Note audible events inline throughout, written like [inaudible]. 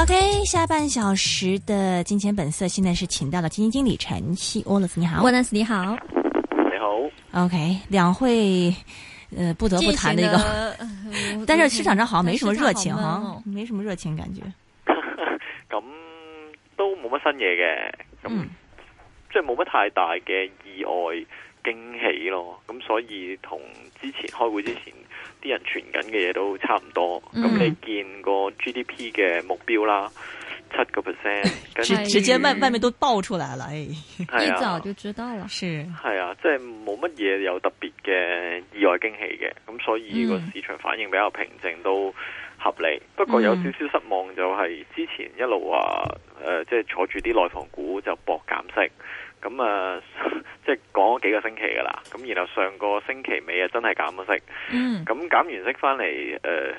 OK，下半小時的《金錢本色》現在是請到了基金經理陳昕沃納斯，你好，沃納斯你好，你好。OK，兩會，呃，不得不談的一個，但是市場上好像沒什麼熱情哈，沒什麼熱情感覺。咁 [laughs] 都冇乜新嘢嘅，咁、嗯、即係冇乜太大嘅意外。驚喜咯，咁所以同之前開會之前啲人傳緊嘅嘢，都差唔多。咁、嗯、你見過 GDP 嘅目標啦，七個 percent。直直接外外面都爆出嚟啦，一早就知道了。是，係啊，即係冇乜嘢有特別嘅意外驚喜嘅，咁所以個市場反應比較平靜都合理。嗯。不過有少少失望就係之前一路話誒，即、呃、係、就是、坐住啲內房股就搏減息。咁啊，即係講幾個星期噶啦，咁然後上個星期尾啊，真係減咗息。嗯。咁減完息翻嚟，誒、呃，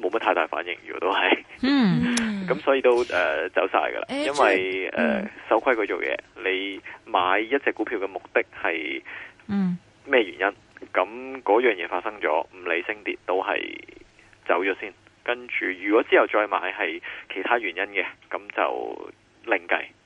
冇、哎、乜太大反應，如果都係。嗯。咁 [laughs] 所以都誒、呃、走晒噶啦，因為誒、嗯、守規矩做嘢，你買一隻股票嘅目的係，咩原因？咁、嗯、嗰樣嘢發生咗，唔理升跌都係走咗先。跟住如果之後再買係其他原因嘅，咁就另計。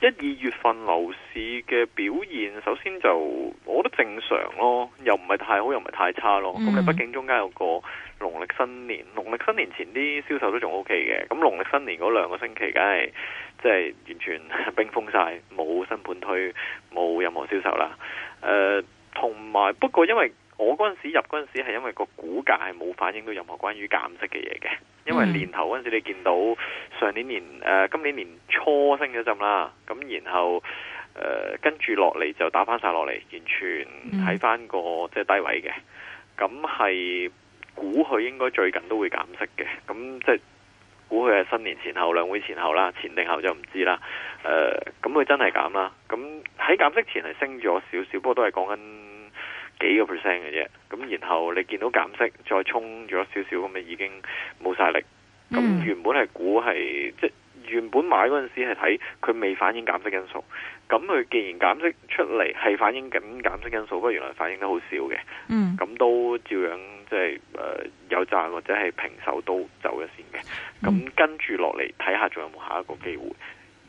一二月份樓市嘅表現，首先就我覺得正常咯，又唔係太好，又唔係太差咯。咁你，畢竟中間有個農曆新年，農曆新年前啲銷售都仲 OK 嘅。咁農曆新年嗰兩個星期，就是，梗係即係完全冰封晒，冇新盤推，冇任何銷售啦。誒、呃，同埋不過因為。我嗰陣時入嗰陣時係因為個股價係冇反映到任何關於減息嘅嘢嘅，因為年頭嗰陣時你見到上年年誒、呃、今年年初升咗一陣啦，咁然後誒跟住落嚟就打翻晒落嚟，完全喺翻個即係、就是、低位嘅，咁係估佢應該最近都會減息嘅，咁即係估佢係新年前後兩會前後啦，前定後就唔知啦，誒咁佢真係減啦，咁喺減息前係升咗少少，不過都係講緊。幾個 percent 嘅啫，咁然後你見到減息，再衝咗少少咁啊，已經冇晒力。咁原本係估係，mm. 即係原本買嗰陣時係睇佢未反映減息因素。咁佢既然減息出嚟，係反映緊減息因素，不過原來反映得好少嘅。咁、mm. 都照樣即係誒有賺或者係平手都走咗先嘅。咁跟住落嚟睇下，仲有冇下一個機會。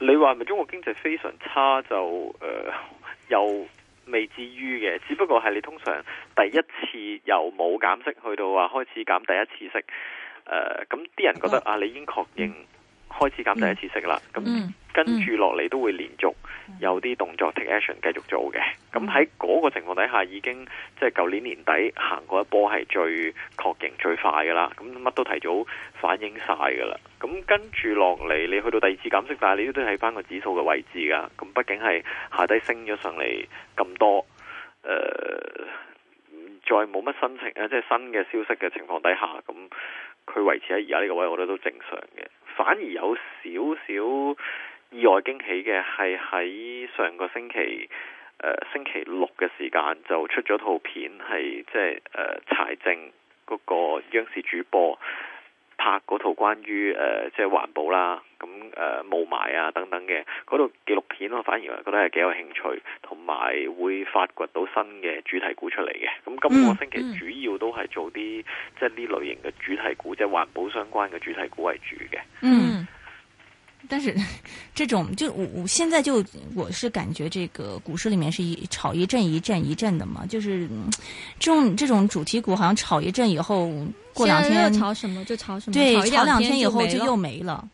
你話咪中國經濟非常差就，誒、呃、又未至於嘅，只不過係你通常第一次由冇減息，去到話開始減第一次息，誒咁啲人覺得啊，你已經確認開始減第一次息啦，咁。跟住落嚟都會連續有啲動作 take action 繼續做嘅，咁喺嗰個情況底下，已經即係舊年年底行過一波係最確認最快㗎喇，咁乜都提早反映晒㗎喇。咁跟住落嚟，你去到第二次減息，但係你都睇返個指數嘅位置㗎，咁畢竟係下低升咗上嚟咁多，呃，再冇乜新情，即係新嘅消息嘅情況底下，咁佢維持喺而家呢個位，我覺得都正常嘅，反而有少少，意外驚喜嘅係喺上個星期，呃、星期六嘅時間就出咗套片是，係即係誒柴靜嗰、那個央視主播拍嗰套關於誒、呃、即係環保啦，咁誒霧霾啊，啊等等嘅嗰套紀錄片，我反而我覺得係幾有興趣，同埋會發掘到新嘅主題股出嚟嘅。咁今個星期主要都係做啲、嗯、即係呢類型嘅主題股，即係環保相關嘅主題股為主嘅。嗯。嗯但是，這種就我我現在就我是感覺，這個股市裏面是一炒一陣一陣一陣的嘛。就是，這種這種主題股，好像炒一陣以後，過兩天又炒什麼就炒什麼，對，炒兩天，炒兩天以後就又沒了。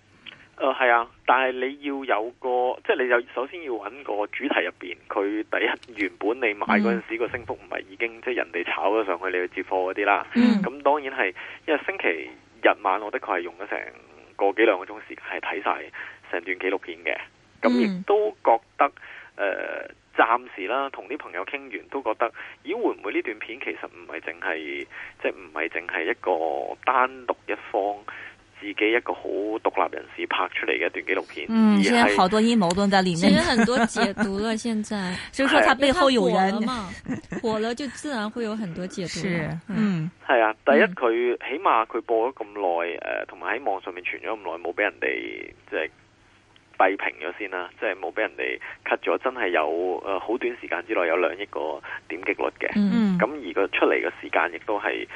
呃，係啊，但係你要有個，即係你有首先要揾個主題入邊，佢第一原本你買陣時個、嗯、升幅唔係已經即係人哋炒咗上去，你去接貨嗰啲啦。嗯，咁當然係，因為星期日晚我的確係用咗成。過幾兩個鐘時間係睇晒成段紀錄片嘅，咁亦都覺得誒，嗯呃、暫時啦，同啲朋友傾完都覺得，咦會唔會呢段片其實唔係淨係，即係唔係淨係一個單獨一方。自己一個好獨立人士拍出嚟嘅一段紀錄片，嗯，而係好多陰謀都在裏面，其實很多解讀啦。現在， [laughs] 所以說他背後有人、啊、嘛， [laughs] 火了就自然會有很多解讀是。嗯，係、嗯、啊，第一佢起碼佢播咗咁耐，誒、呃，同埋喺網上面傳咗咁耐，冇俾人哋即係弊評咗先啦，即係冇俾人哋 cut 咗。真係有誒，好、呃、短時間之內有兩億個點擊率嘅，嗯，咁而個出嚟嘅時間亦都係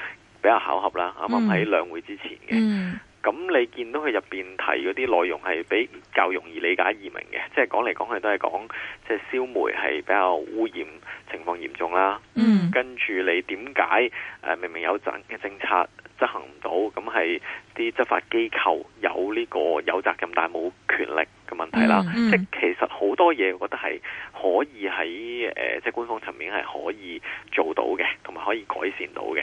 比較巧合啦。啱啱喺兩會之前嘅。嗯嗯咁你見到佢入邊提嗰啲內容係比較容易理解易明嘅，即係講嚟講去都係講，即係燒煤係比較污染情況嚴重啦。嗯，跟住你點解誒明明有政嘅政策執行唔到，咁係啲執法機構有呢個有責任但係冇權力嘅問題啦。嗯，嗯，即係其實好多嘢，我覺得係可以喺誒即係官方層面係可以做到嘅，同埋可以改善到嘅。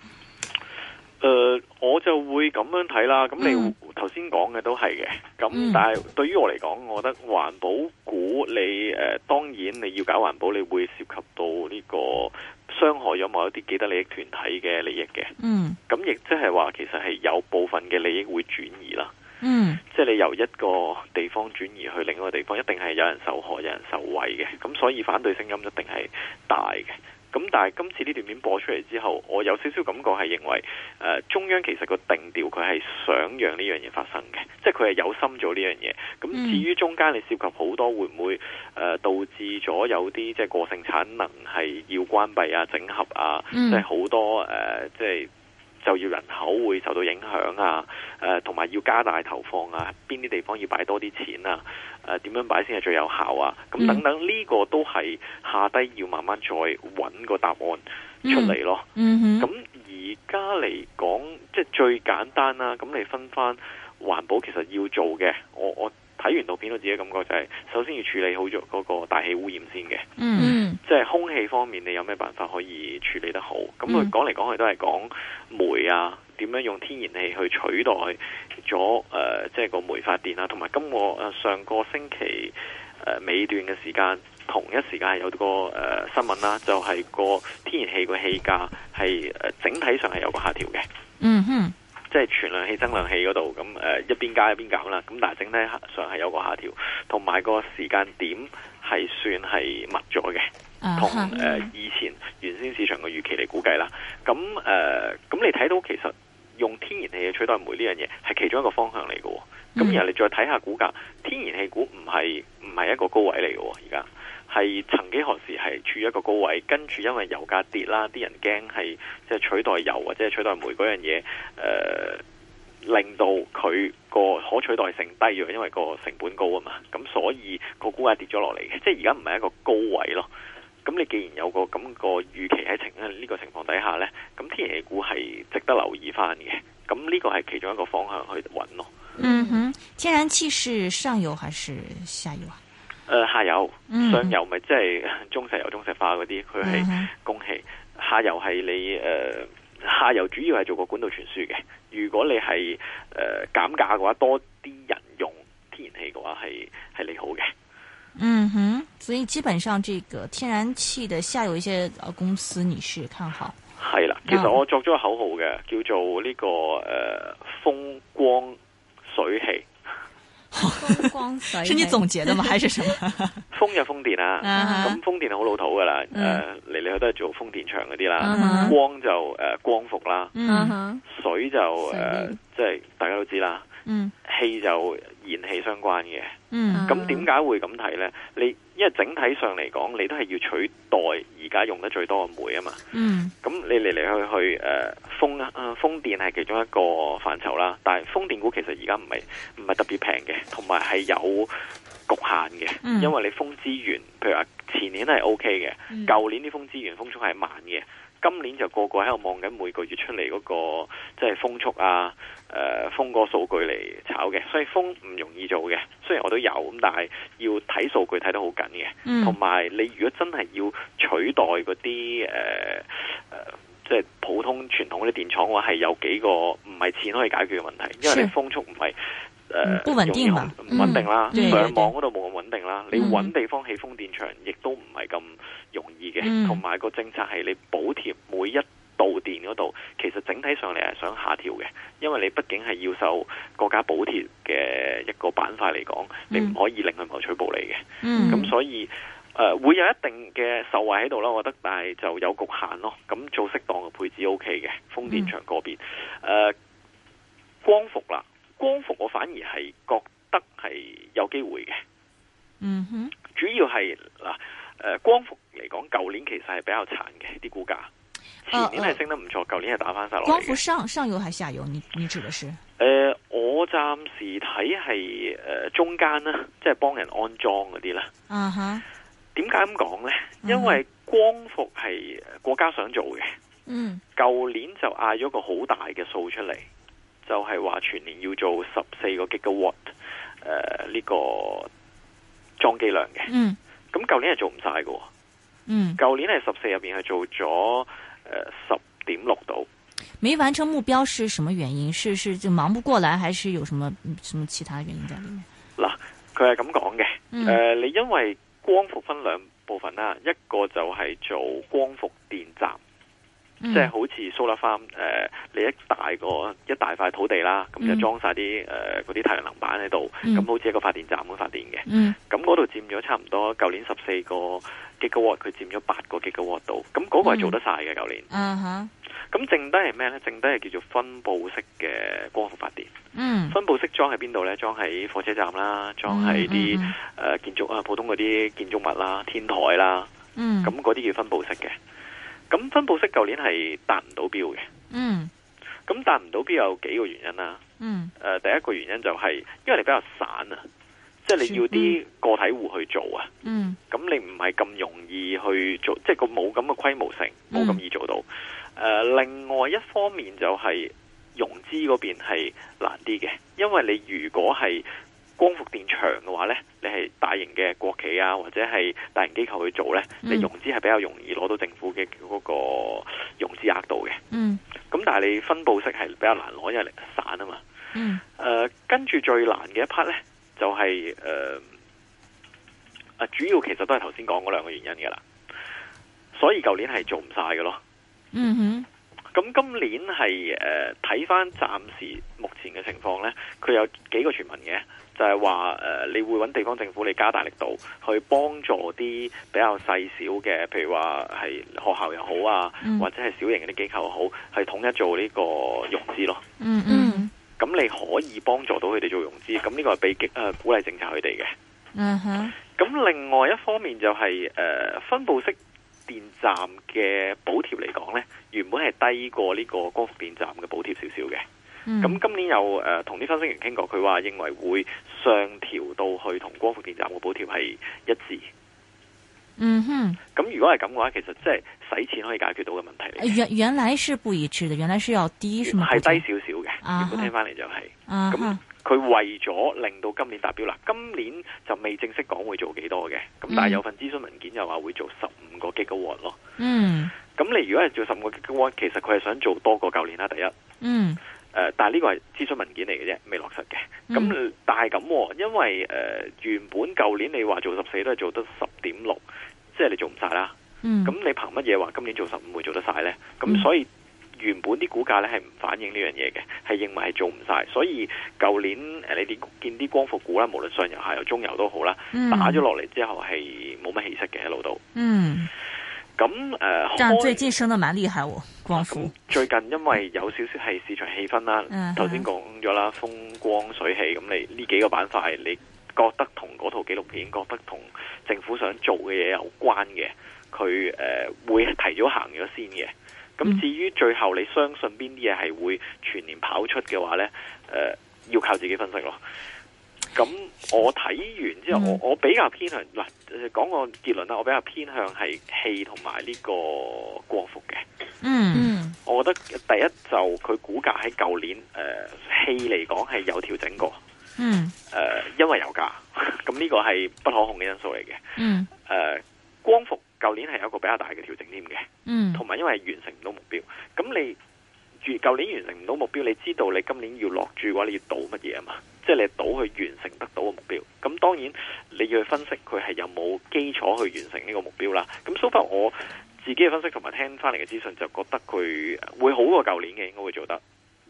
誒、呃，我就會咁樣睇啦。咁你頭先講嘅都係嘅。咁、嗯、但係對於我嚟講，我覺得環保股，你誒、呃，當然你要搞環保，你會涉及到呢個傷害咗某一啲既得利益團體嘅利益嘅。嗯。咁亦即係話，其實係有部分嘅利益會轉移啦。嗯。即、就、係、是、你由一個地方轉移去另一個地方，一定係有人受害、有人受惠嘅。咁所以反對聲音一定係大嘅。咁但係今次呢段片播出嚟之後，我有少少感覺係認為，誒、呃、中央其實個定調佢係想讓呢樣嘢發生嘅，即係佢係有心做呢樣嘢。咁、嗯、至於中間你涉及好多會唔會誒、呃、導致咗有啲即係過剩產能係要關閉啊整合啊，嗯呃、即係好多誒即係。就業人口會受到影響啊，同、呃、埋要加大投放啊，邊啲地方要擺多啲錢啊？誒、呃，點樣擺先係最有效啊？咁等等呢、mm -hmm. 個都係下低要慢慢再揾個答案出嚟咯。咁而家嚟講，即係最簡單啦。咁你分翻環保其實要做嘅，我我。睇完圖片都自己感覺就係，首先要處理好咗嗰個大氣污染先嘅。嗯，即係空氣方面，你有咩辦法可以處理得好？咁佢講嚟講去都係講煤啊，點樣用天然氣去取代咗誒，即係個煤發電啦。同埋今個上個星期誒尾段嘅時間，同一時間有個誒新聞啦，就係個天然氣個氣價係誒整體上係有個下調嘅。嗯哼。即係存量氣、增量氣嗰度，咁、呃、一邊加一邊減啦。咁但係整體上係有個下調，同埋個時間點係算係密咗嘅，同誒、uh -huh. 呃、以前原先市場嘅預期嚟估計啦。咁誒，咁、呃、你睇到其實。用天然氣嘅取代煤呢樣嘢係其中一個方向嚟嘅，咁然後你再睇下股價，天然氣股唔係唔係一個高位嚟嘅，而家係曾幾何時係處於一個高位，跟住因為油價跌啦，啲人驚係即係取代油或者係取代煤嗰樣嘢，誒、呃、令到佢個可取代性低咗，因為個成本高啊嘛，咁所以個股價跌咗落嚟嘅，即係而家唔係一個高位咯。咁你既然有個咁個預期喺情呢個情況底下呢，咁天然氣股係值得留意翻嘅。咁呢個係其中一個方向去搵咯。嗯哼，天然氣是上游還是下游？誒、呃，下游，嗯、上游咪即係中石油、中石化嗰啲，佢係供氣、嗯。下游係你誒、呃，下游主要係做個管道傳輸嘅。如果你係誒減價嘅話，多啲人用天然氣嘅話是，係係利好嘅。嗯哼。所以基本上，這個天然氣的下游一些公司，你是看好？係啦，其實我作咗個口號嘅，叫做呢、這個誒風光水氣。風光水氣，光水氣， [laughs] 是你總結的嗎？還 [laughs] 是什麼？風就風電啊，咁、uh -huh. 風電好老土噶啦，誒嚟嚟去都係做風電場嗰啲啦。Uh -huh. 光就誒、呃、光伏啦，uh -huh. 水就誒即係大家都知道啦，氣、uh -huh. 就燃氣相關嘅。咁點解會咁睇咧？你因為整體上嚟講，你都係要取代而家用得最多嘅煤啊嘛。嗯。咁你嚟嚟去去，誒，風、呃、啊，風電係其中一個範疇啦。但係風電股其實現在不是不是而家唔係唔係特別平嘅，同埋係有局限嘅、嗯。因為你風資源，譬如話前年都係 OK 嘅，舊、嗯、年啲風資源風速係慢嘅。今年就個個喺度望緊每個月出嚟嗰、那個即係、就是、風速啊，誒、呃、風嗰數據嚟炒嘅，所以風唔容易做嘅。雖然我都有咁，但係要睇數據睇得好緊嘅。同、嗯、埋你如果真係要取代嗰啲誒誒，即係普通傳統嗰啲電廠嘅話，係有幾個唔係錢可以解決嘅問題，因為你風速唔係。誒、呃，唔穩定唔穩定啦，上、嗯、網嗰度冇咁穩定啦。你搵地方起風電場，亦、嗯、都唔係咁容易嘅。同、嗯、埋個政策係你補貼每一度電嗰度，其實整體上嚟係想下調嘅，因為你畢竟係要受國家補貼嘅一個板塊嚟講，你唔可以令佢謀取暴利嘅。咁、嗯、所以誒、呃、會有一定嘅受惠喺度啦，我覺得，但係就有局限咯。咁做適當嘅配置 O K 嘅，風電場嗰邊誒，光伏啦。光伏我反而係覺得係有機會嘅，嗯哼，主要係嗱，誒、呃，光伏嚟講，舊年其實係比較慘嘅啲股價，前年係升得唔錯，舊、呃、年係打翻晒落嚟。光伏上上游還是下游？你你指嘅是？誒、呃，我暫時睇係誒中間啦，即係幫人安裝嗰啲啦。嗯、啊、哼，點解咁講咧？因為光伏係國家想做嘅，嗯，舊年就嗌咗個好大嘅數出嚟。就係、是、話全年要做十四個 Gigawatt，誒呢個裝機量嘅。嗯，咁舊年係做唔晒嘅。嗯，舊年係十四入邊係做咗誒十點六度。未、呃、完成目標是什麼原因？是是就忙不過來，還是有什麼什麼其他原因在裏面？嗱，佢係咁講嘅。誒、嗯呃，你因為光伏分兩部分啦，一個就係做光伏電站。嗯、即係好似 Solar Farm、呃、你一大個一大塊土地啦，咁、嗯嗯、就裝晒啲誒嗰啲太陽能板喺度，咁、嗯、好似一個發電站咁發電嘅。咁嗰度佔咗差唔多去14 GW，舊年十四個吉吉瓦，佢佔咗八個吉吉瓦度。咁嗰個係做得晒嘅舊年。咁、uh-huh. 剩低係咩呢？剩低係叫做分布式嘅光伏發電、嗯。分布式裝喺邊度呢？裝喺火車站啦，嗯、裝喺啲誒建築啊，普通嗰啲建築物啦、天台啦。咁嗰啲叫分布式嘅。咁分布式舊年係達唔到標嘅，嗯，咁達唔到標有幾個原因啦，嗯，呃，第一個原因就係因為你比較散啊，即係你要啲個體戶去做啊，嗯，咁你唔係咁容易去做，即係個冇咁嘅規模性，冇咁易做到。呃，另外一方面就係融資嗰邊係難啲嘅，因為你如果係光伏電場嘅話呢，你係大型嘅國企啊，或者係大型機構去做呢，嗯、你融資係比較容易攞到政府嘅嗰個融資額度嘅。嗯，咁但係你分布式係比較難攞，因為散啊嘛。跟、嗯、住、呃、最難嘅一 part 呢，就係、是、誒、呃啊，主要其實都係頭先講嗰兩個原因噶啦，所以舊年係做唔晒㗎咯。嗯哼。咁今年係誒睇翻暫時目前嘅情況咧，佢有幾個傳聞嘅，就係話誒你會揾地方政府嚟，加大力度去幫助啲比較細小嘅，譬如話係學校又好啊，嗯、或者係小型嘅啲機構又好，係統一做呢個融資咯。嗯嗯，嗯，咁你可以幫助到佢哋做融資，咁呢個係被極誒、呃、鼓勵政策佢哋嘅。嗯哼，咁另外一方面就係、是、誒、呃、分布式。電站嘅補貼嚟講呢，原本係低過呢個光伏電站嘅補貼少少嘅。咁、嗯、今年又誒同啲分析員傾過，佢話認為會上調到去同光伏電站嘅補貼係一致。嗯哼，咁如果係咁嘅話，其實即係使錢可以解決到嘅問題嚟、啊。原原來是不一致嘅，原來是要低，係低少少嘅。如果聽翻嚟就係、是、咁。啊佢為咗令到今年達標啦，今年就未正式講會做幾多嘅，咁但係有份諮詢文件又話會做十五個 GW 咯。嗯，咁你如果係做十五個 GW，其實佢係想做多個舊年啦。第一，嗯，呃、但係呢個係諮詢文件嚟嘅啫，未落實嘅。咁、嗯、但係咁，因為、呃、原本舊年你話做十四都係做得十點六，即係你做唔晒啦。咁、嗯、你憑乜嘢話今年做十五會做得晒咧？咁所以。嗯原本啲股價咧係唔反映呢樣嘢嘅，係認為係做唔晒。所以舊年誒你哋見啲光伏股啦，無論上游、下游、中游都好啦，打咗落嚟之後係冇乜氣息嘅一路都。嗯，咁誒、嗯呃。但最近升得蠻厲害喎，光伏。最近因為有少少係市場氣氛啦，頭先講咗啦，風光水氣，咁你呢幾個板塊你覺得同嗰套紀錄片、覺得同政府想做嘅嘢有關嘅，佢誒、呃、會提早行咗先嘅。咁至於最後你相信邊啲嘢係會全年跑出嘅話呢？誒、呃、要靠自己分析咯。咁我睇完之後，嗯、我我比較偏向嗱講個結論啦，我比較偏向係、呃、氣同埋呢個光伏嘅。嗯，我覺得第一就佢股價喺舊年誒、呃、氣嚟講係有調整過。嗯，誒、呃、因為油價，咁呢、嗯、個係不可控嘅因素嚟嘅。嗯，誒、呃。光伏舊年係有一個比較大嘅調整添嘅，嗯，同埋因為是完成唔到目標，咁你舊年完成唔到目標，你知道你今年要落注嘅話，你要賭乜嘢啊嘛？即係你賭去完成得到嘅目標，咁當然你要去分析佢係有冇基礎去完成呢個目標啦。咁 so far 我自己嘅分析同埋聽翻嚟嘅資訊就覺得佢會好過舊年嘅，應該會做得。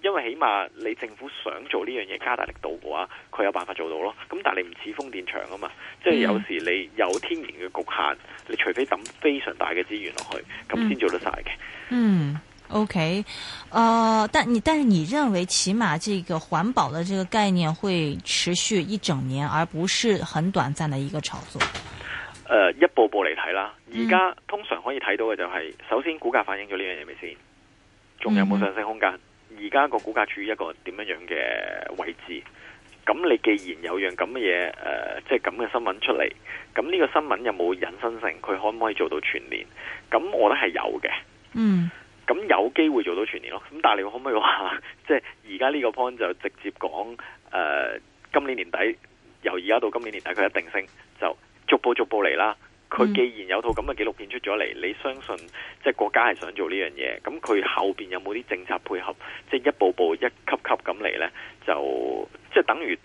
因為起碼你政府想做呢樣嘢加大力度嘅話，佢有辦法做到咯。咁但係你唔似風電場啊嘛，即係有時你有天然嘅局限，你除非抌非常大嘅資源落去，咁先做得晒嘅。嗯，嗯，OK，呃，但，但你，但是你認為起碼這個環保的這個概念會持續一整年，而不是很短暫的一個炒作？呃，一步步嚟睇啦。而家通常可以睇到嘅就係，首先股價反映咗呢樣嘢未先？仲有冇上升空間？而家個股價處於一個點樣樣嘅位置？咁你既然有樣咁嘅嘢，誒、呃，即係咁嘅新聞出嚟，咁呢個新聞有冇引申性？佢可唔可以做到全年？咁我覺得係有嘅，嗯，咁有機會做到全年咯。咁但係你可唔可以話，即係而家呢個 point 就直接講誒、呃，今年年底由而家到今年年底，佢一定升，就逐步逐步嚟啦。佢、嗯、既然有套咁嘅紀錄片出咗嚟，你相信即係、就是、國家係想做呢樣嘢，咁佢後邊有冇啲政策配合，即、就、係、是、一步步、一級級咁嚟咧，就即係、就是、等於。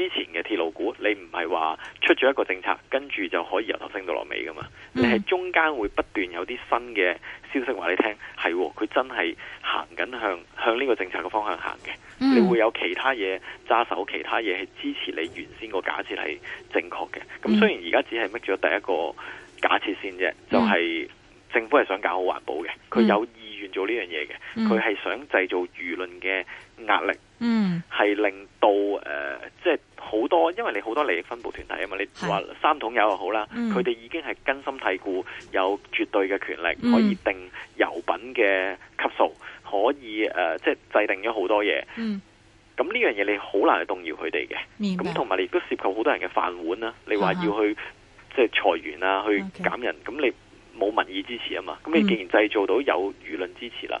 之前嘅鐵路股，你唔係話出咗一個政策，跟住就可以由頭升到落尾噶嘛？嗯、你係中間會不斷有啲新嘅消息話你聽，係佢真係行緊向向呢個政策嘅方向行嘅、嗯。你會有其他嘢揸手，其他嘢係支持你原先個假設係正確嘅。咁、嗯、雖然而家只係 make 咗第一個假設先啫、嗯，就係、是、政府係想搞好環保嘅，佢、嗯、有意。做呢樣嘢嘅，佢、嗯、係想製造輿論嘅壓力，係、嗯、令到誒，即係好多，因為你好多利益分佈團體啊嘛。你話三桶油又好啦，佢、嗯、哋已經係根深蒂固，有絕對嘅權力、嗯，可以定油品嘅級數，可以誒、呃就是嗯，即係制定咗好多嘢。咁呢樣嘢你好難去動搖佢哋嘅。咁同埋你亦都涉及好多人嘅飯碗啦。你話要去即係裁員啊，去減人，咁、okay. 你。冇民意支持啊嘛，咁你既然製造到有輿論支持啦。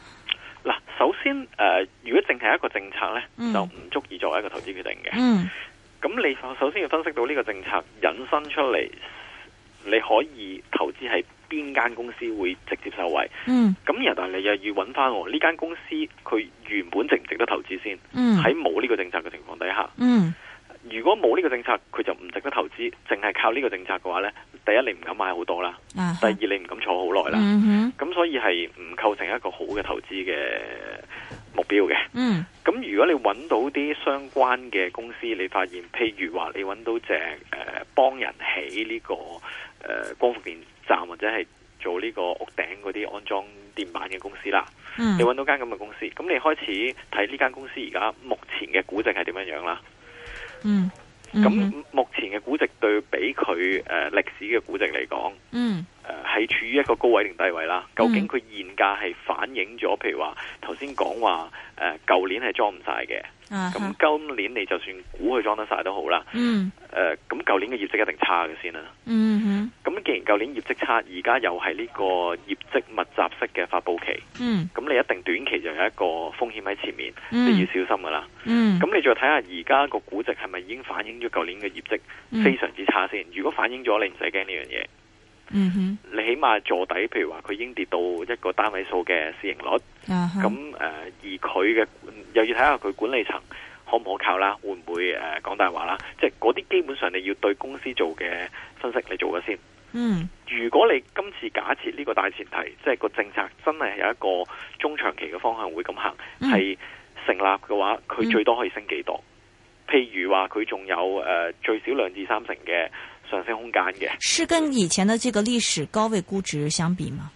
嗱，首先誒、呃，如果淨係一個政策咧、嗯，就唔足以作為一個投資決定嘅。咁、嗯、你首先要分析到呢個政策引申出嚟，你可以投資喺邊間公司會直接受惠？嗯，咁然後但係你又要揾翻我呢間公司，佢原本值唔值得投資先？嗯，喺冇呢個政策嘅情況底下，嗯，如果冇呢個政策，佢就唔值得。淨係靠呢個政策嘅話咧，第一你唔敢買好多啦，uh -huh. 第二你唔敢坐好耐啦，咁、uh -huh. 所以係唔構成一個好嘅投資嘅目標嘅。嗯，咁如果你揾到啲相關嘅公司，你發現譬如話你揾到隻誒幫人起呢、這個誒、呃、光伏電站或者係做呢個屋頂嗰啲安裝電板嘅公司啦，你揾到間咁嘅公司，咁、uh -huh. 你，你開始睇呢間公司而家目前嘅估值係點樣樣啦？嗯、uh -huh.。咁目前嘅估值，對比佢誒歷史嘅估值嚟講，誒、嗯、係、呃處於一個高位定低位啦？究竟佢現價係反映咗？譬如話頭先講話誒舊年係裝唔晒嘅。咁、uh -huh. 今年你就算估佢裝得晒都好啦，誒、mm -hmm. 呃，咁舊年嘅業績一定差嘅先啦。咁、mm -hmm. 既然舊年業績差，而家又係呢個業績密集式嘅發佈期，咁、mm -hmm. 你一定短期就有一個風險喺前面，你要小心噶啦。咁、mm -hmm. 你再睇下而家個估值係咪已經反映咗舊年嘅業績非常之差先？如果反映咗，你唔使驚呢樣嘢。嗯哼，你起碼坐底，譬如話佢已經跌到一個單位數嘅市盈率，咁、uh、誒 -huh. 呃，而佢嘅又要睇下佢管理層可唔可靠啦，會唔會誒講大話啦？即係嗰啲基本上你要對公司做嘅分析，你做咗先。嗯、mm -hmm.，如果你今次假設呢個大前提，即係個政策真係有一個中長期嘅方向會咁行，係、mm -hmm. 成立嘅話，佢最多可以升幾多？Mm -hmm. 譬如話佢仲有誒、呃、最少兩至三成嘅上升空間嘅，是跟以前的這個歷史高位估值相比嗎？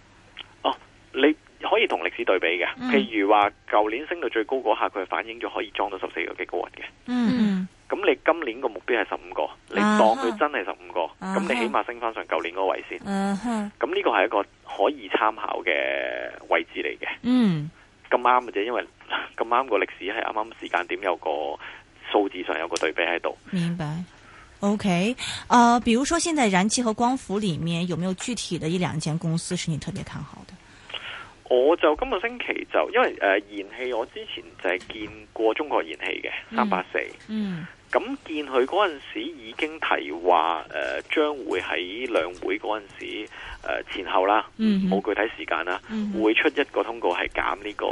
哦，你可以同歷史對比嘅、嗯。譬如話舊年升到最高嗰下，佢反映咗可以裝到十四個幾嘅高位嘅。嗯、咁、嗯、你今年個目標係十五個、啊，你當佢真係十五個，咁、啊、你起碼升翻上舊年嗰個位先。咁、啊、呢個係一個可以參考嘅位置嚟嘅。嗯，咁啱嘅啫，因為咁啱個歷史係啱啱時間點有個。數字上有個對比喺度。明白，OK，啊、uh，比如說現在燃氣和光伏裏面，有沒有具體的一兩間公司是你特別看好的？我就今個星期就，因為燃、呃、氣，我之前就係見過中國燃氣嘅三八四，嗯，咁、嗯、見佢嗰陣時已經提話誒、呃，將會喺兩會嗰陣時、呃、前後啦，冇、嗯、具體時間啦、嗯，會出一個通告係減呢、這個、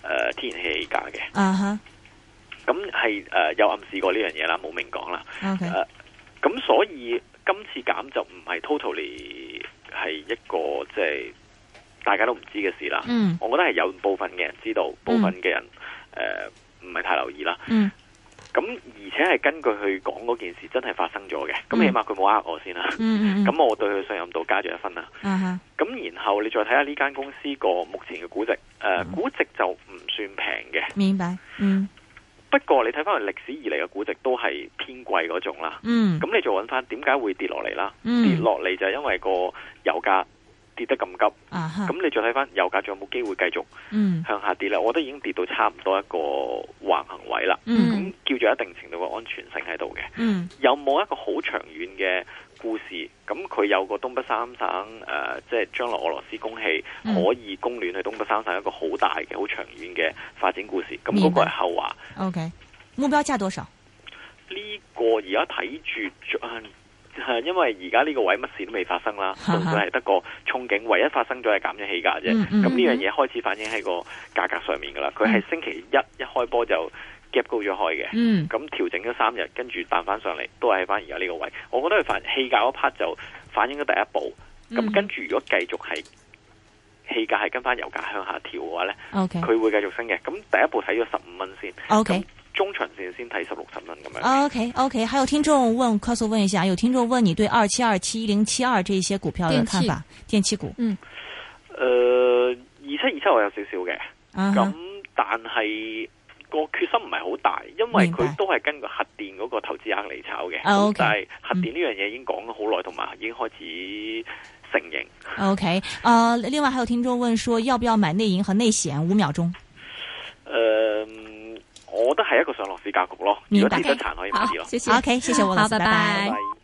呃、天然氣價嘅，啊哈。咁係誒，有暗示過呢樣嘢啦，冇明講啦。咁、okay. 呃、所以今次減就唔係 totally，係一個即係、就是、大家都唔知嘅事啦、嗯。我覺得係有部分嘅人知道，部分嘅人誒唔係太留意啦。咁、嗯、而且係根據佢講嗰件事真係發生咗嘅，咁起碼佢冇呃我先啦。咁、嗯、 [laughs] 我對佢信任度加咗一分啦。咁、uh-huh. 然後你再睇下呢間公司個目前嘅估值誒、呃，估值就唔算平嘅。明白，嗯。不過你睇翻歷史以嚟嘅估值都係偏貴嗰種啦，咁、嗯、你再揾翻點解會跌落嚟啦？嗯、跌落嚟就係因為個油價跌得咁急，咁、啊、你再睇翻油價仲有冇機會繼續向下跌咧、嗯？我覺得已經跌到差唔多一個橫行位啦，咁、嗯、叫做一定程度嘅安全性喺度嘅，有冇一個好長遠嘅故事咁佢有個東北三省誒、呃，即係將來俄羅斯供氣、嗯、可以供暖去東北三省一個好大嘅、好長遠嘅發展故事。咁嗰、嗰個係後話。O、okay. K，目標價多少？呢、呢個而家睇住，因為而家呢個位乜事都未發生啦，都係得個憧憬。唯一發生咗係減咗氣價啫。咁、嗯、呢、嗯、樣嘢開始反映喺個價格上面噶啦。佢係星期一、嗯、一開波就。夾高咗開嘅，咁、嗯、調、嗯、整咗三日，跟住彈翻上嚟，都係喺翻而家呢個位。我覺得佢反氣價嗰 part 就反映咗第一步。咁、嗯、跟住如果繼續係氣價係跟翻油價向下調嘅話咧，佢、okay, 會繼續升嘅。咁第一步睇咗十五蚊先，咁、okay, 中長線先睇十六七蚊咁樣。OK OK，還有聽眾問，快速問一下，有聽眾問你對二七二七、一零七二這些股票嘅看法？電氣股，嗯，誒、呃，二七二七我有少少嘅，咁、uh -huh, 但係。個決心唔係好大，因為佢都係根據核電嗰個投資額嚟炒嘅、啊。但係核電呢樣嘢已經講咗好耐，同、嗯、埋已經開始承認。OK，、啊、另外還有聽眾問說，要不要買內銀和內險？五秒鐘。誒、呃，我覺得係一個上落市格局咯。如果跌得殘可以試咯。o k 謝謝， [laughs] okay, 謝謝我了好，拜拜。拜拜拜拜